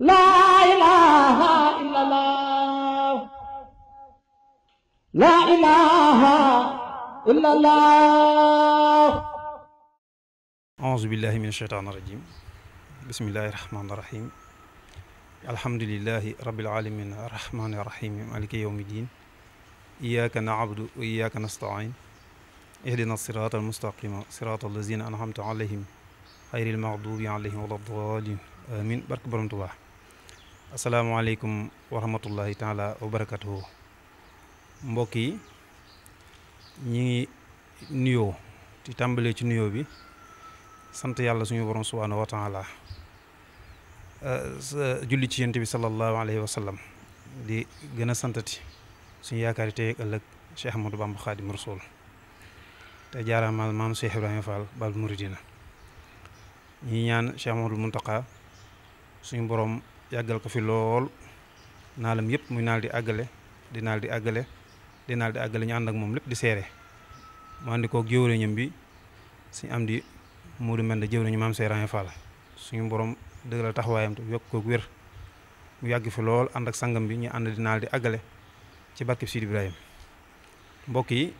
لا إله إلا الله لا إله إلا الله أعوذ بالله من الشيطان الرجيم بسم الله الرحمن الرحيم الحمد لله رب العالمين الرحمن الرحيم مالك يوم الدين إياك نعبد وإياك نستعين اهدنا الصراط المستقيم صراط الذين أنعمت عليهم غير المغضوب عليهم ولا الضالين آمين بارك برمتوا asalaamaaleykum wa rahmatullahi taala wa barakatuhu mbokk yi ñi ngi nuyoo di tàmbalee ci nuyoo bi sant yàlla suñu borom subhaanahu wa taala julli ci yent bi sallallahu alayhi wa sallam di gën a santati suñu yaakaari tey ëllëg Cheikh Ahmadou Bamba Xaadim Rasul te jaaraamaal maam Cheikh Ibrahima Fall Baal ñaan Cheikh Ahmadou suñu borom yagal ko fi lol nalam yep muy naldi di naldi di naldi di naldi di nya agale ñu and ak mom lepp di seere mu ak koog jëwriñam bi suñu am di Modou Mbenda ñu mam Seyraane Fall suñu borom dëgg la taxawaayam te yokk ko wér mu yag fi lol and ak sangam bi ñu and di naldi agale, ci bakki Sidi ibrahim mbokk yi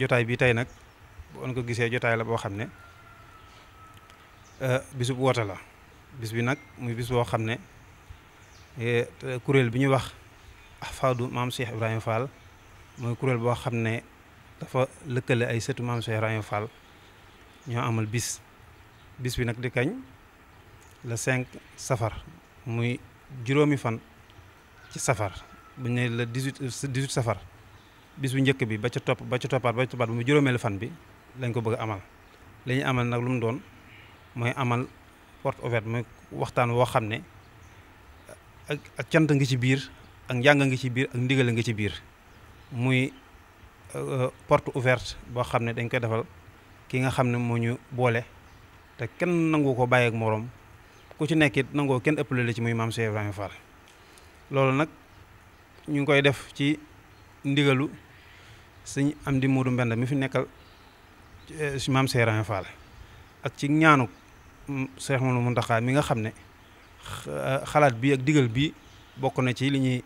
jotay bi tay nak bu ko gisee jotay la bo xamne euh bisub wota la bis bi nak muy bis bo xamne Eh, kuréel bi ñuy wax ahfaadu maam Cheikh Ibrahima Fall mooy kuréel boo xam ne dafa lëkkale ay sëtu maam Cheikh Ibrahima Fall ñoo amal bis bis bi nag di kañ la cinq safar muy juróomi fan ci safar bu ne la 18 18 safar bis bu njëkk bi ba ca topp ba ca toppaat ba ca toppaat mu juróomeelu fan bi lañ ko bëgg amal li amal nag lum doon mooy amal porte ouverte muy waxtaan woo xam ne ak ak cant nga ci biir ak njàng nga ci biir ak ndigal nga ci biir muy euh, euh, porte ouverte boo xam ne dañ koy defal ki nga xam ne moo ñu boole te kenn nangu ko ak morom ku ci nekkit nangoo kenn ëppale la ci muy maam Cheikh Ibrahima Fall loolu nag ñu ngi koy def ci ndigalu sëñ Amdi Moodu Mbend mi fi nekkal euh, si maam Cheikh Ibrahima Fall ak ci ñaanu mm, Cheikh mamadou Mountakha mi nga xam xalaat bi ak digal bii bokk na ci li ñuy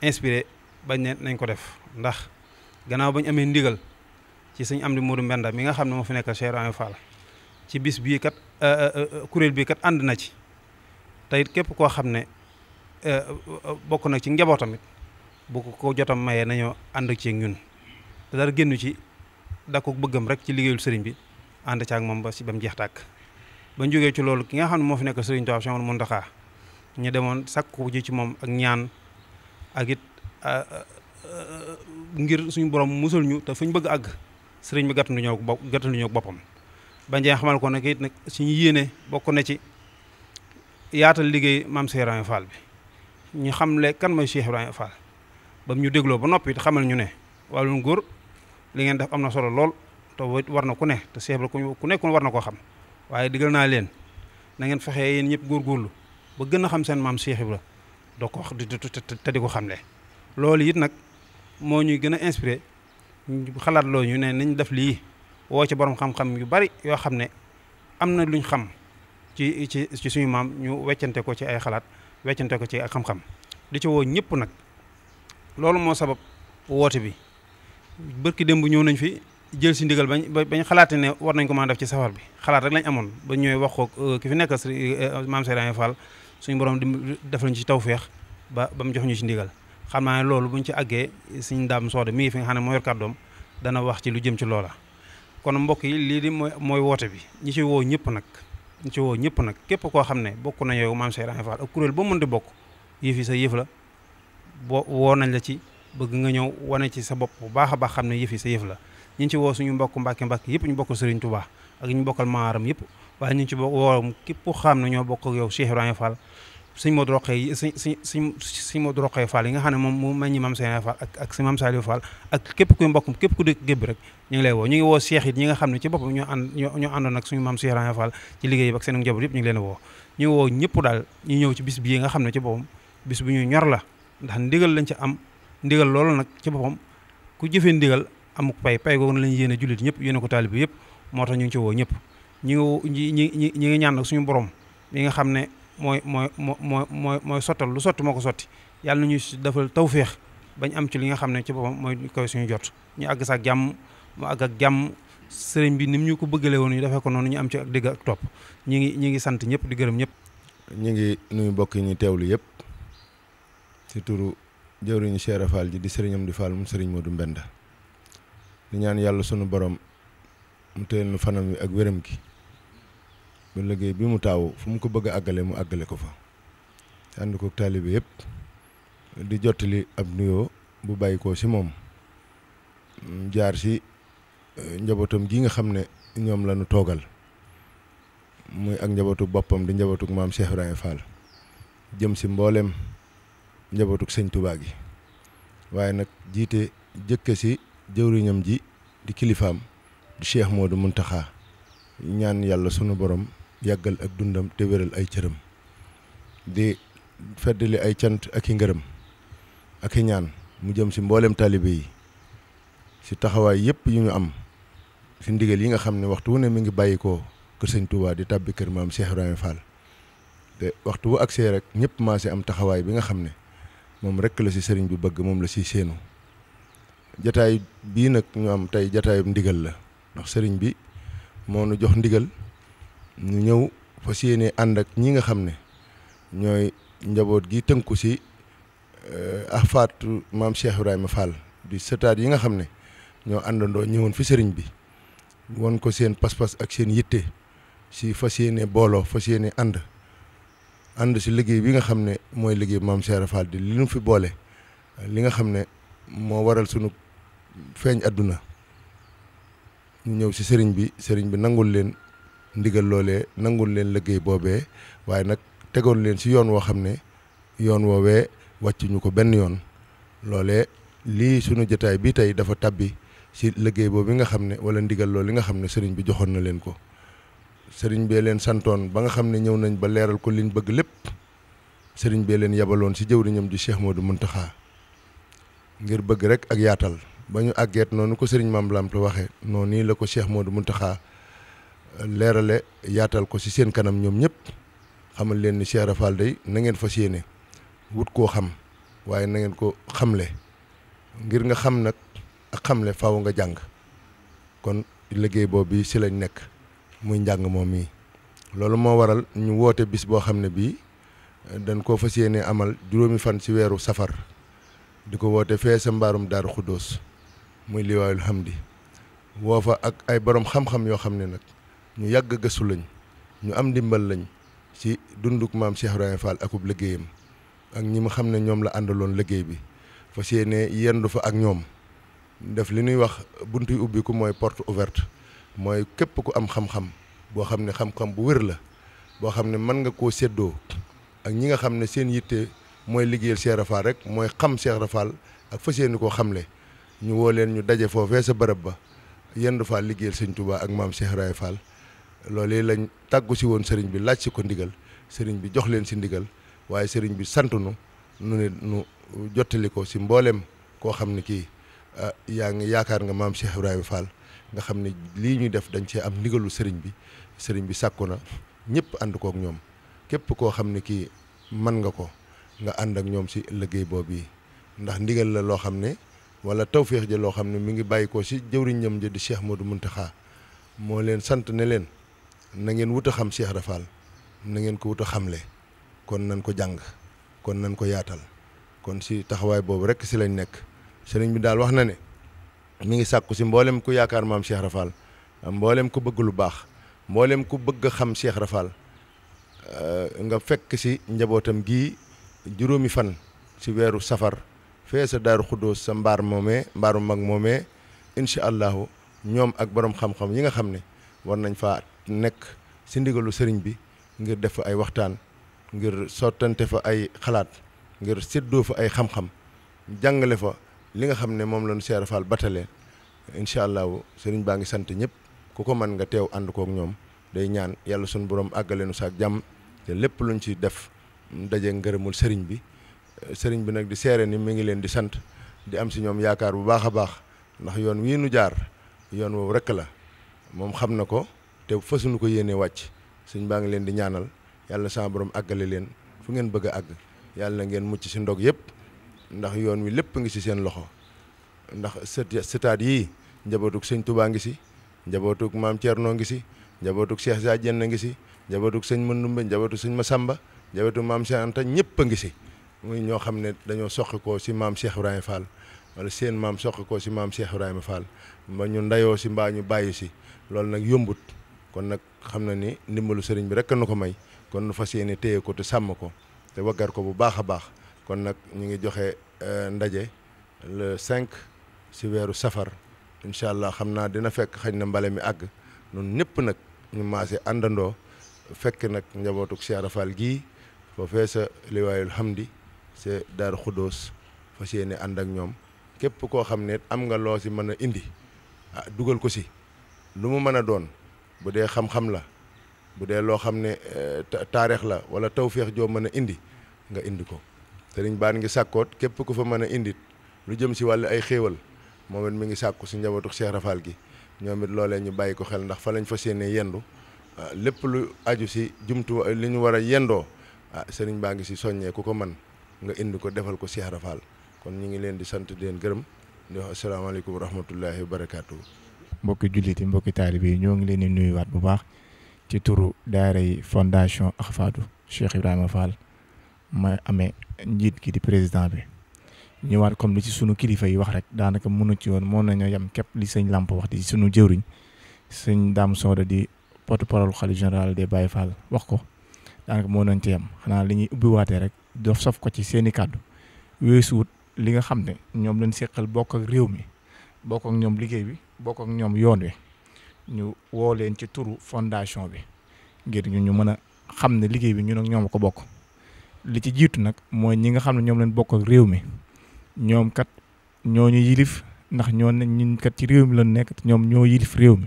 inspiré bañ nañ ko def ndax gannaaw bañ amee ndigal ci sëñ Amdi Modou Mbenda mi nga xam ne moo fi nekkal Cheikh Ibrahima Fall ci bis bii kat euh, euh, euh, kuréel bii kat ànd na ci tey képp koo xam ne bokk na ci njaboo tamit bu ko jotam mayee nañoo ànd ak ci ñun te dara génn ci da ko bëggam rek ci liggéeyul sëriñ bi ànd ci ak moom ba si ba mu jeex tàkk ba ñu jógee ci loolu ki nga xam ne moo fi nekk Serigne Touba Cheikh Mountakha ñu demoon ku ji ci moom ak ñaan ak it ah, ah, ah, ngir suñu borom musul ñu te fuñ bëgg àgg sëriñ bi gàttandu ñoo ko gàttandu ñoo boppam. ba cee xamal ko nag it nag suñu yéene bokk na ci yaatal liggéey maam bi ñu xamle kan mooy Cheikh Ibrahima ba mu ñu dégloo ba noppit xamal ñu ne wàllum nguur li ngeen def am na solo lool te war na ku ne te Cheikh Ibrahima ku nekk war na koo xam. waaye digal naa leen na ngeen fexe yéen ñëpp góorgóorlu ba gën a xam seen maam Cheikh la doo ko xam di loolu it nag moo ñuy gën a inspiré xalaat loo ñu ne nañ def lii woo ci borom xam-xam yu bari yoo xam ne am na luñ xam ci ci ci suñu maam ñu weccante ko ci ay xalaat weccante ko ci ak xam-xam di ci woo ñëpp nag loolu moo sabab woote bi bërki démb ñëw nañ fi jël si ndigal bañ bañ xalaate ne war nañ ko mën def ci safar bi xalaat rek lañ amoon ba ñooy wax ko euh, ki fi nekk euh, maam Serigne Fall suñu borom di def lañ ci tawféex ba ba mu jox ñu ci ndigal xam naa ne loolu buñ ci àggee suñ daam soode mii fi nga ne moo yor dana wax ci lu jëm ci loola kon mbokk yi lii di mooy woote bi ñu ci woo ñëpp nag ñi ci woo ñëpp nag képp koo xam ne bokk nañu yow maam Serigne Fall ak kuréel ba mën di bokk yëf yi sa yëf la boo woo nañ la ci bëgg nga ñëw wane ci sa bopp bu baax a baax xam ne yëf yi sa yëf la ñi ci woo suñu mbokk mbàkke mbàkke yëpp ñu bokk Serigne Touba ak ñu bokkal maaram yëpp waaye ñi ci bokk woo képp xam ne ñoo bokk ak yow Cheikh Ibrahima Fall suñ Modou Rokhaya suñ suñ suñ suñ Modou Rokhaya Fall yi nga xamne mom moom mu meññi Mame Seyna Fall ak ak si Mame Saliou Fall ak képp kuy mbokkum képp ku dëkk gébb rek ñi ngi lay woo ñi ngi woo Cheikh yi ñi nga xamne ci boppam ñu and ñu àndoon ak suñu mam Cheikh Ibrahima Fall ci liggéey ak seen njaboot yëpp ñi ngi leen woo ñi ngi woo ñëpp daal ñu ñëw ci bis bi nga xamne ci boppam bis bu ñu ñor la ndax ndigal lañ ci am ndigal loolu nag ci boppam ku jëfee ndigal amuk pay pay googu na lañu yéene jullit ñëpp yéene ko taalib yëpp moo tax ñu ngi ci woo ñëpp ñu ngi ñi ñi ñi ngi ñaan nag suñu borom mi nga xam ne mooy mooy mooy mooy mooy sottal lu sotti moo ko sotti yàlla nañu defal tawféex bañ am ci li nga xam ne ci boppam mooy kaw suñu jot ñu àgg sax jàmm mu jàmm sëriñ bi ni mu ñu ko bëggalee woon ñu defee ko noonu ñu am ci ak dégg ak topp ñu ngi ñi ngi sant ñëpp di gërëm ñëpp ñu ngi nuyu mbokk yi ñu teewlu yëpp ci turu jëwriñu Cheikh Fall ji di sëriñam di Fall mu sëriñ Modou Mbenda di ñaan yàlla sunu borom mu téyel nu fanam wi ak wéram gi ba liggéey bi mu taaw fu mu ko bëgg a àggale mu àggale ko fa ànd ko taalibe yëpp di jottali ab nuyoo bu bàyyi ko ci moom mm, jaar si e, njabootam gi nga xam ne ñoom la ñu toogal muy ak njabootu boppam di njabootuk maam Cheikh Ibrahima Fall jëm si mbooleem njabootuk sëñ Touba gi waaye nag jiite jëkke ci jëwriñam ji di kilifam di Cheikh Modou muntaha. ñaan yalla sunu borom yagal ak dundam te wëral ay cërëm di fédeli ay cant ak i ngërëm ak i ñaan mu jëm ci mboolem talibé yi si taxaway yépp yu ñu am Sindi ndigal yi nga xam ne waxtu wu ne mi ngi bayiko ko kër Touba di tabbi kër maam Cheikh ibrahim Fall te waxtu wu sé rek ñëpp ma si am taxaway bi nga xam mom rek la si sëriñ bi bëgg mom la ci sénu jataay bii nag ñoo am tey jataayub ndigal la ndax sëriñ bi moo nu jox ndigal ñu ñëw fas yéene ànd ak ñi nga xam ne ñooy njaboot gi tënku si eh, ahfaatu maam Cheikh ma Fall di sëtaat yi nga xam ne ñoo àndandoo ñëwoon fi sëriñ bi won ko seen pas-pas ak seen yitte si fas yéene booloo fas yéene ànd ànd si liggéey bi nga xam ne mooy liggéey maam Cheikh Fall di li nu fi boole li nga xam ne moo waral sunu feeñ àdduna ñu ñëw si sëriñ bi sëriñ bi nangul leen ndigal loolee nangul leen liggéey boobee waaye nag tegoon leen si yoon woo xam ne yoon woowee wàcc ñu ko benn yoon loole lii sunu jataay bi tey dafa tabbi si liggéey boobu nga xam ne walla ndigal loolu li nga xam ne sëriñ bi joxoon na leen ko sëriñ bee leen santoon ba nga xam ne ñëw nañ ba leeral ko liñ bëgg lépp sëriñ bee leen yabaloon ci jëwriñam di du Modou Mountakha ngir bëgg rek ak yaatal bañu ñu nonu ko serigne noni Lamp waxee noonu nii la ko Cheikh Modou Mountakha euh, leerale yaatal ko ci seen kanam ñom ñëpp xamal leen ni Cheikh Rafal day na ngeen fas wut ko xam waaye na ngeen ko xamlé ngir nga xam nak ak xamlé faaw nga jang kon liggéey bobu ci lañ nek muy jang momi lolu mo dan waral ñu wote bis bo xamne bi dañ ko amal juroomi fan ci wéru safar di ko woote fee sa mbaarum daaru xuddoos muy liwaayul hamdi woo fa ak ay borom xam-xam yoo xam ne nag ñu yàgg gëstu lañ ñu am ndimbal lañ ci dunduk maam Cheikh Ibrahima akub liggéeyam ak ñi mu xam ne ñoom la àndaloon liggéey bi fas yéene yendu fa ak ñoom def li nuy wax buntu yu ubbiku mooy porte ouverte mooy képp ku am xam-xam boo xam ne xam-xam bu wér la boo xam ne mën nga koo séddoo ak ñi nga xam ne seen yitte mooy liggéeyal Cheikh Rafal rek mooy xam Cheikh Rafal ak fas yéene koo xamle ñu woo leen ñu daje foofee sa bërëb ba yendu Fall liggéeyal sëñ Touba ak maam Cheikh Raye Fall loolee lañ tàggu si woon sëriñ bi laaj si ndigal sëriñ bi jox leen si ndigal waaye sëriñ bi sant nu nu ne nu jottali ko si mboolem koo xam ne kii ah, yaa ngi yaakaar nga maam Cheikh Ibrahima Fall nga xam ne lii ñuy def dañ cee am ndigalu sëriñ bi sëriñ bi sàkku na ñëpp ànd kook ñoom képp koo xam ne kii mën nga ko nga ànd ak ñoom si liggéey boobu yi ndax ndigal la loo xam ne wala tawféex ja loo xam ne mi ngi bàyyi ko si jëwriñam ja di Cheikh Modou Mountakha moo leen sant ne leen na ngeen wut a xam Cheikh Rafal na ngeen ko wut a xamle kon nan ko jàng kon nan ko yaatal kon si taxawaay boobu rek si lañ nekk sëriñ bi daal wax na ne mi ngi sàkku si mboolem ku yaakaar maam Cheikh Rafal mboolem ku bëgg lu baax mboolem ku bëgg xam Cheikh Rafal euh, nga fekk si njabootam gii juróomi fan ci wéru safar fessa daru khudus sa mbar momé mbaaru mag momé inshallah allahu ak borom xam-xam yi nga xamné war nañ fa nek ci ndigalu serigne bi ngir def ay waxtaan ngir sotante fa ay xalaat ngir seddo fa ay xam-xam jangale fa li nga xam mom lañu séra faal batalé inshallah allahu baangi sante ñep kuko man nga tew and ko ak ñom day ñaan yalla sun borom sa jam te lepp luñ ci def daje ngeureumul serigne bi eh, serigne bi nak di séré ni mi ngi len di sant di am ci ñom yaakar bu baaxa baax ndax yoon wi ñu jaar yoon wo rek la mom xam nako ko te fassunu ko yéene wacc serigne ba ngi len di ñaanal yalla sa borom àggale len fu ngeen bëgg ag yalla ngeen mucc ci ndog yépp ndax yoon wi lepp ngi ci seen loxo ndax stade ya, yi njabotuk serigne touba ngi ci njabotuk maam tierno ngi ci njabotuk Cheikh Sa ngi ci njabotuk serigne Mandoumbe njabotuk serigne Masamba jabatu mam Cheikh Anta ñepp nga ngi muy ño xamne dañu dañoo ko si mam Cheikh ibrahim Fall wala seen maam ko si mam Cheikh ibrahim Fall ba ñu ndayoo si mbaa ñu bàyyi si loolu nak yombut kon nak xamna ni ndimbalu sëriñ bi rek nako may kon nu fasiyene teye ko te sam ko te wagar ko bu baax kon nak ñi ngi joxe euh, ndaje le 5 si wéru safar inshallah xamna dina fekk xagn na mbale mi ag ñun ñepp nak ñu maase andando fekk nak njabotuk Cheikh rafal gi foofee sa liwaayul hamdi sa daaru xuddoos fas yéene ànd ak ñoom képp koo xam ne am nga loo si mën a indi ah dugal ko si lu mu mën a doon bu dee xam-xam la bu dee loo xam ne eh, taarix la wala tawféex joo mën a indi nga indi ko sëriñ baan ngi sàkkoot képp ku fa mën a indi lu jëm si wàll ay xéewal moom it mi ngi sàkku si njabootu Cheikh Rafal gi ñoom it loolee ñu bàyyi ko xel ndax fa lañ fa yéene yendu ah, lépp lu aju si jumtu li ñu war a yendoo ah sëriñ baa ngi si soññee ku ko man nga indi ko defal ko Cheikh Rafal kon ñu ngi leen di sant di leen gërëm di wax asalaamaaleykum wa rahmatullahi mbokki jullit yi mbokki taalibe yi ñoo ngi leen di waat bu baax ci turu daara yi fondation Ahfadu Cheikh Ibrahima Fall ma amee njiit gi di président bi ñëwaat comme li ci sunu kilifa yi wax rek daanaka mënu ci woon moom nañu yem képp li sëñ làmp wax di suñu jëwriñ sëñ daam Soda di porte-parole xalifa général des Baye Fall wax ko. daanaka moo doon ci yem xanaa li ñuy ubbiwaatee rek dof sof ko ci seen i kàddu weesuwut li nga xam ne ñoom lañ seqal bokk ak réew mi bokk ak ñoom liggéey bi bokk ak ñoom yoon wi ñu woo leen ci turu fondation bi ngir ñu ñu mën a xam ne liggéey bi ñun ak ñoom ko bokk li ci jiitu nag mooy ñi nga xam ne ñoom lañ bokk ak réew mi ñoom kat ñooñu ñu yilif ndax ñoo ne ñun kat ci réew mi lañ nekk ñoom ñoo yilif réew mi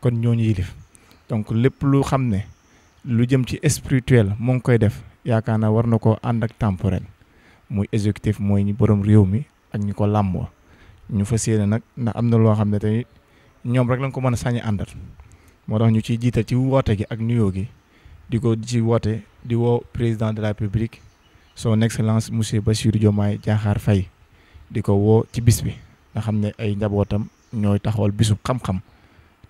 kon ñooñu ñu yilif donc lépp lu xam ne. lu jëm ci spirituel mu ngi koy def yaakaar na war na ko ànd ak temporel muy exécutif mooy ñi borom réew mi ak ñu ko làmboo ñu fas yéene nag ndax am na loo xam ne tamit ñoom rek lañ ko mën a sañ àndal moo tax ñu ciy jiital ci woote gi ak nuyoo gi di ko ci woote di woo président de la république son excellence monsieur Bassirou Diomaye Diakhar fay di ko woo ci bis bi nga xam ne ay njabootam ñooy taxawal bisub xam-xam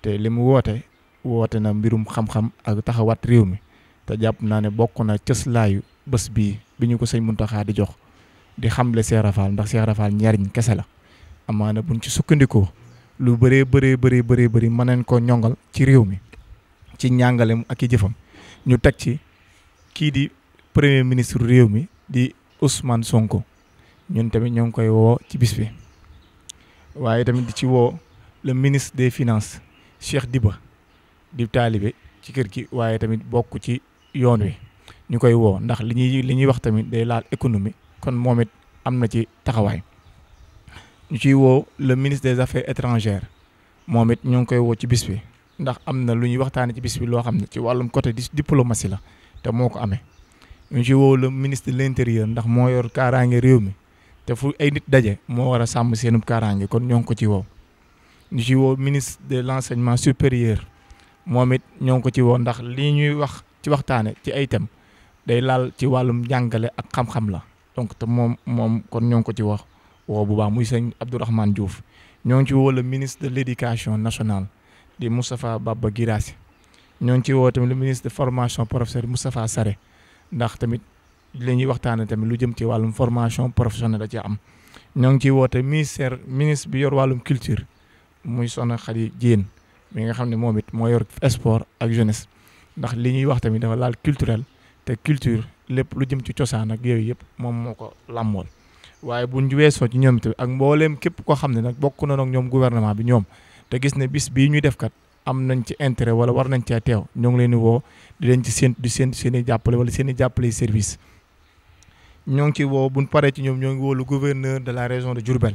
te li mu woote wote na mbirum xam-xam ak taxawat rew mi te japp na ne bokku na cëslaayu layu bii bi biñu ko seigne muntaha di jox di xamle Cheikh Rafal ndax Cheikh Rafal ñariñ kese la amana buñ ci sukkandiko lu bëree bëree bëri bëri bëri manen ko ñongal ci rew mi ci ñangalem ak ci jëfam ñu tek ci ki di premier ministre rew mi di Usman Sonko ñun tamit ñong koy woo ci bis bi waye tamit di ci woo le ministre des finances Cheikh Diba di talibé ci kër gi waaye tamit bokk ci yoon wi ñu koy woo ndax li ñuy li ñuy wax tamit day laal économie kon moom it am na ci taxawaay ñu ciy woo le ministre des affaires étrangères moom it ñu ngi koy woo ci bis bi ndax am na lu ñuy waxtaane ci bis bi loo xam ne ci wàllum côté diplomatie la te moo ko amee ñu ci woo le ministre de l'intérieur ndax moo yor kaaraange réew mi te fu ay nit daje moo war a sàmm seenub kaaraange kon ñoo ngi ko ci woo ñu ci woo ministre de l'enseignement supérieur moom it ñoo ngi ko ci woon ndax lii ñuy wax ci waxtaane ci ay thèmes day laal ci wàllum jàngale ak xam-xam la donc te moom moom kon ñoo ngi ko ci wax woo bu baax muy sëñ Abdourahmane Diouf ñoo ngi ci woo le ministre de l' éducation nationale di Moustapha Baba Guirassy ñoo ngi ci woo tamit le ministre de formation professeur Moustapha Sarré ndax tamit li ñuy waxtaane tamit lu jëm ci wàllum formation professionnelle da ci am ñoo ngi ciy woote ministère ministre bi yor wàllum culture muy soxna Khady Diène mi nga xam ne moom it moo yor sport ak jeunesse ndax li ñuy wax tamit dafa laal culturel te culture lépp lu jëm ci cosaan ak yooyu yëpp moom moo ko làmmool waaye bu ñu soo ci ñoom tamit ak mbooleem képp koo xam ne nag bokk na nag ñoom gouvernement bi ñoom te gis ne bis bii ñuy def kat am nañ ci intérêt wala war nañ cee teew ñoo ngi leen di woo di leen ci seen di seen seeni jàppale wala seen i jàppale service ñoo ngi ci woo bu ñu paree ci ñoom ñoo ngi woo de la région de Diourbel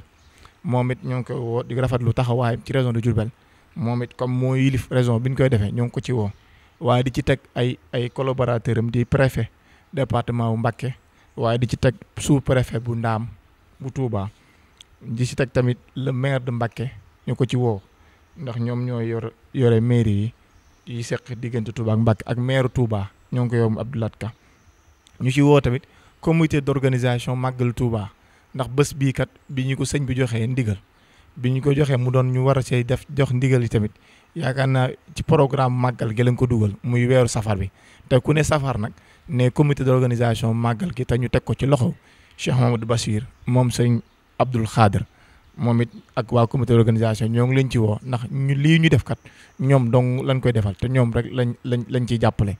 moom it ñoo ngi koy woo di rafetlu taxawaayam ci région de Diourbel moom it comme moo yilif raison bi ñu koy defee ñoo ngi ko ci woo waaye di ci teg ay ay collaborateur am di préfet département bu Mbacké waaye di ci teg sous préfet bu Ndaam bu Touba di ci teg tamit le maire de Mbacké ñu ko ci woo ndax ñoom ñoo yor yore mairie yi yi seq diggante Touba ak Mbacké ak maire Touba ñoo ngi ko yow Abdou Lahad ñu ci woo tamit comité d'organisation màggal Touba ndax bés bii kat bi ñu ko sëñ bi joxee ndigal bi ñu ko joxee mu doon ñu war a see def jox ndigal yi tamit yaakaar naa ci programme màggal gi lañ ko dugal muy weeru safar bi te ku ne safar nag ne comité d'organisation màggal gi te ñu teg ko ci loxo Cheikh Mamadou Bassir moom sëñ Abdoul Khader moom it ak waa comité d'organisation ñoo ngi leen ci woo ndax ñu lii ñu def kat ñoom dong lañ koy defal te ñoom rek lañ lañ lañ ciy jàppale.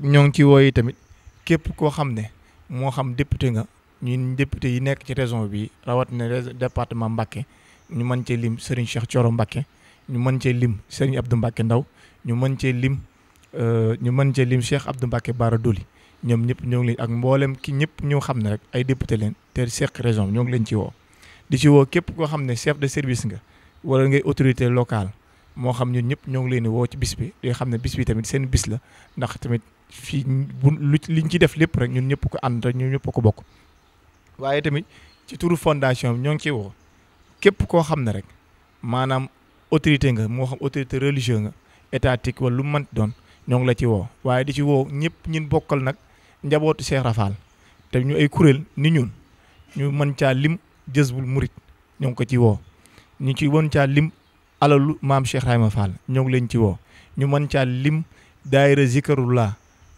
ñoo ngi ci wooyi tamit képp koo xam ne moo xam député nga. ñu député yi nekk ci région bi rawat na département Mbacké ñu mën cee lim Serigne Cheikh Thioro Mbacké ñu mën cee lim Serigne Abdou Mbacké Ndaw ñu mën cee lim euh, ñu mën cee lim Cheikh Abdou Mbacké Bara Dolly ñoom ñëpp ñoo ngi leen ak mboolem ki ñëpp ñoo xam ne rek ay député leen te seq région bi ñoo ngi woo di ci képp koo xam ne chef de service nga wala ngay autorité locale moo xam ñun ñëpp ñoo ngi leen di woo ci bis bi di xam ne bis bi tamit seen bis la ndax tamit fi bu ñu ci def lépp rek ñun ñëpp ko ànd rek ñun ñëpp ko bokk waaye tamit ci turu fondation bi ñoo ngi ciy woo képp koo xam ne rek maanaam autorité nga moo xam autorité religieux nga étatique wala lu doon ñoo ngi la ci woo waaye di ci woo ñëpp ñun bokkal nag njabootu Cheikh Rafaal te ñu ay kuréel ni ñun ñu mën caa lim Jazbul Murid ñoo ngi ko ci woo ñu ci woon caa lim alalu maam Cheikh Rahima Fall ñoo ngi leen ci woo ñu mën caa lim daayira Zikarullah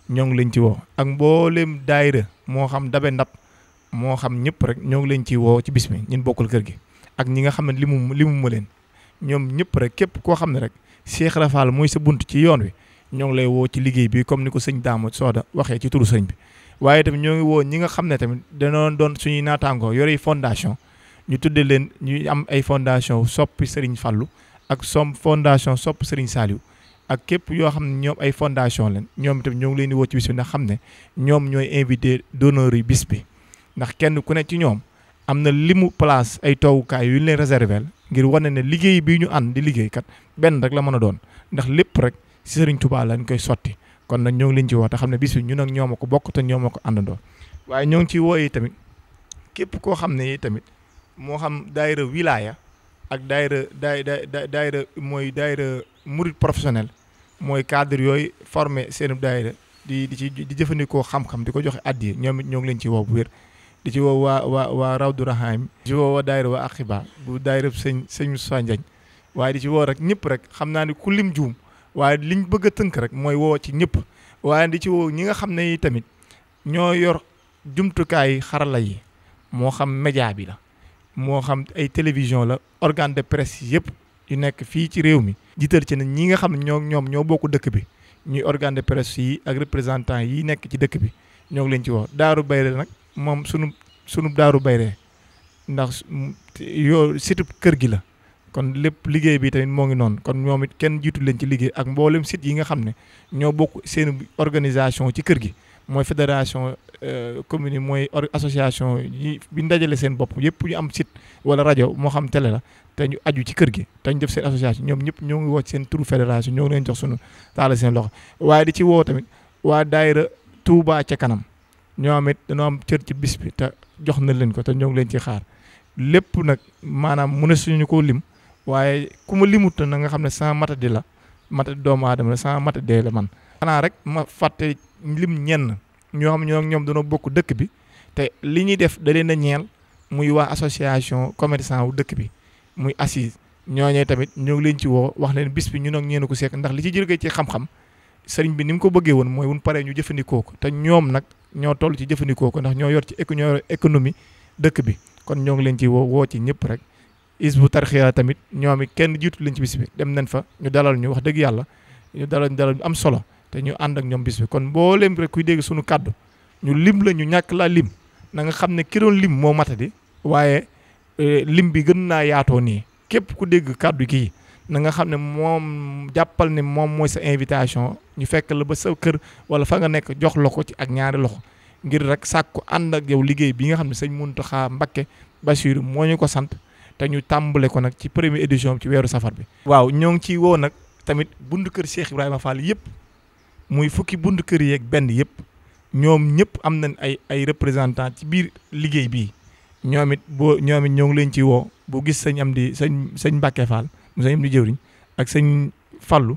ñoo ngi leen ci woo ak mboolem daayira moo xam dabe ndab moo xam ñëpp rek ñoo ngi leen ciy woo ci bis bi ñun bokkul kër gi ak ñi nga xam ne li mu li mu ma leen ñoom ñëpp rek képp koo xam ne rek Cheikh Rafaal mooy sa bunt ci yoon wi ñoo ngi lay woo ci liggéey bi comme ni ko sëñ Dame Soda waxee ci turu sëñ bi waaye tamit ñoo ngi woo ñi nga xam ne tamit danoon doon suñuy naataangoo yore fondation ñu tuddee leen ñu am ay fondation soppi Serigne Fallou ak som fondation sopp Serigne Saliou ak képp yoo xam ne ñoom ay fondation leen ñoom itam ñoo leen di woo ci bis bi ndax xam ne ñoom ñooy invité d'honneur yi bis bi ndax kenn ku ne ci ñoom am na limu place ay toowukaay yu ñu leen réserver ngir wane ne liggéey bii ñu ànd di liggéeykat benn rek la mën a doon ndax lépp rek si Serigne Touba lañ koy sotti kon nag ñoo ngi ci woo te xam ne bis bi ñun ak ñoom ko bokk te ñoom a ko àndandoo waaye ñoo ngi ciy wooyee tamit képp koo xam ne tamit moo xam daayira wilaya ak daayira day daay daayira mooy daayira murit professionnel mooy cadre yooyu formé seen daayira di di ci di jëfandikoo xam-xam di ko joxe addiya yi it ñoo ngi leen ci bu wér. di ci wow waa waa waa Rawdu Rahaim di ci woo waa daayira waa Axiba bu daayira sëñ sëñ Moussa Ndiagne waaye di ci woo rek ñëpp rek xam naa ni ku lim juum waaye liñ bëgg a tënk rek mooy woo ci ñëpp waaye di ci wow ñi nga xam ne tamit ñoo yor jumtukaay xarala yi moo xam média bi la moo xam ay télévision la organe de presse yëpp yu nekk fii ci réew mi jiital ci ne ñi nga xam ne ñoom ñoo bokk dëkk bi ñuy organe de presse yi ak représentant yi nekk ci dëkk bi ñoo ngi ci woo daaru bayre nag moom sunu sunu daaru bayre ndax yoo site kër gi la kon lépp liggéey bi tamit moo ngi noonu kon ñoom it kenn jiitu leen ci liggéey ak mboolem site yi nga xam ne ñoo bokk seen organisation ci kër gi mooy fédération euh, commune yi mooy association yi bi ndajale seen bopp yëpp ñu am site wala rajo moo xam tele la te ñu aju ci kër gi te ñu def seen association ñoom ñëpp ñoo ngi woo seen turu fédération ñoo ngi leen jox sunu taala seen loxo waaye di ci woo tamit waa daayira Touba ca kanam ñoom it dañoo am cër ci bis bi te jox na leen ko te ñoo ngi leen ci xaar lépp nag maanaam mun ne suñu koo lim waaye ku ma limut na nga xam ne sans di la matadi doomu aadama la sans matadi la man. xanaa rek ma fàtte lim ñenn ñoo xam ñoo ñoom dañoo bokk dëkk bi te li ñuy def da leen a ñeel muy waa association commerçant wu dëkk bi muy ñoo ñooñee tamit ñoo leen ci woo wax leen bis bi ñun ak ñeenu ko seek ndax li ci jërgee ci xam-xam sëriñ bi ni mu ko bëggee woon mooy wun paree ñu jëfandikoo ko te ñoom nag. ñoo toll ci jëfandikoo ko ndax ñoo yor ci économie dëkk bi kon ñoo ngi leen ci woo woo ci ñëpp rek isbu tarxiya tamit ñoom i kenn jiitu leen ci bis bi dem nañ fa ñu dalal ñu wax dëgg yàlla ñu dalal ñu dalal ñu am solo te ñu ànd ak ñoom bis bi kon mbooleem rek kuy dégg suñu kàddu ñu lim la ñu ñàkk laa lim na nga xam ne ki doon lim moo di waaye eh, lim bi gën naa yaatoo nii képp ku dégg kàddu kii na nga xam ne moom jàppal ne moom mooy sa invitation ñu fekk la ba sa kër wala fa nga nekk jox la ko ci ak ñaari loxo ngir rek sàkku ànd ak yow liggéey bi nga xam ne sañ sëñ xaa Mbacké Bassirou moo ñu ko sant te ñu tàmbale ko nag ci première édition ci weeru safar bi. waaw ñoo ngi ciy woo nag tamit buntu kër Cheikh Ibrahima Fall yëpp muy fukki buntu kër yeeg benn yëpp ñoom ñëpp am nañ ay ay représentant ci biir liggéey bi ñoom it boo ñoom it ñoo ngi woo bu gis sëñ am di sëñ sëñ Mbacké Fall. sëñ Amdi jëwriñ ak sëñ fallu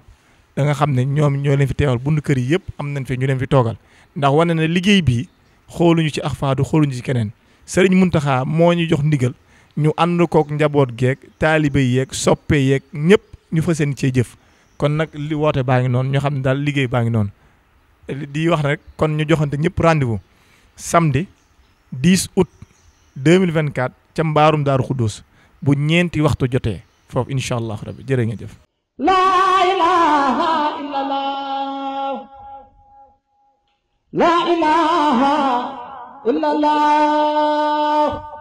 da nga xam ne ñoom ñoo leen fi teewal bundu kër yi yëpp am nañ fi ñu leen fi toogal ndax wane na liggéey bii xooluñu ci ax axfaadu xooluñu ci keneen sëriñ Muntaxa moo ñu jox ndigal ñu ànd kook njaboot geek taalibe yeeg soppe yeeg ñëpp ñu fa seen cee jëf kon nag li woote baa ngi noonu ñu xam ne daal liggéey baa ngi noonu di wax rek kon ñu joxante ñëpp rendez-vous samedi mille vingt 2024 ca mbaarum daaru Xuddoos bu ñeenti waxtu jotee foofu incha allah rabbi jërë ngeen jëf laa ilaha illallah laa ilaha illallah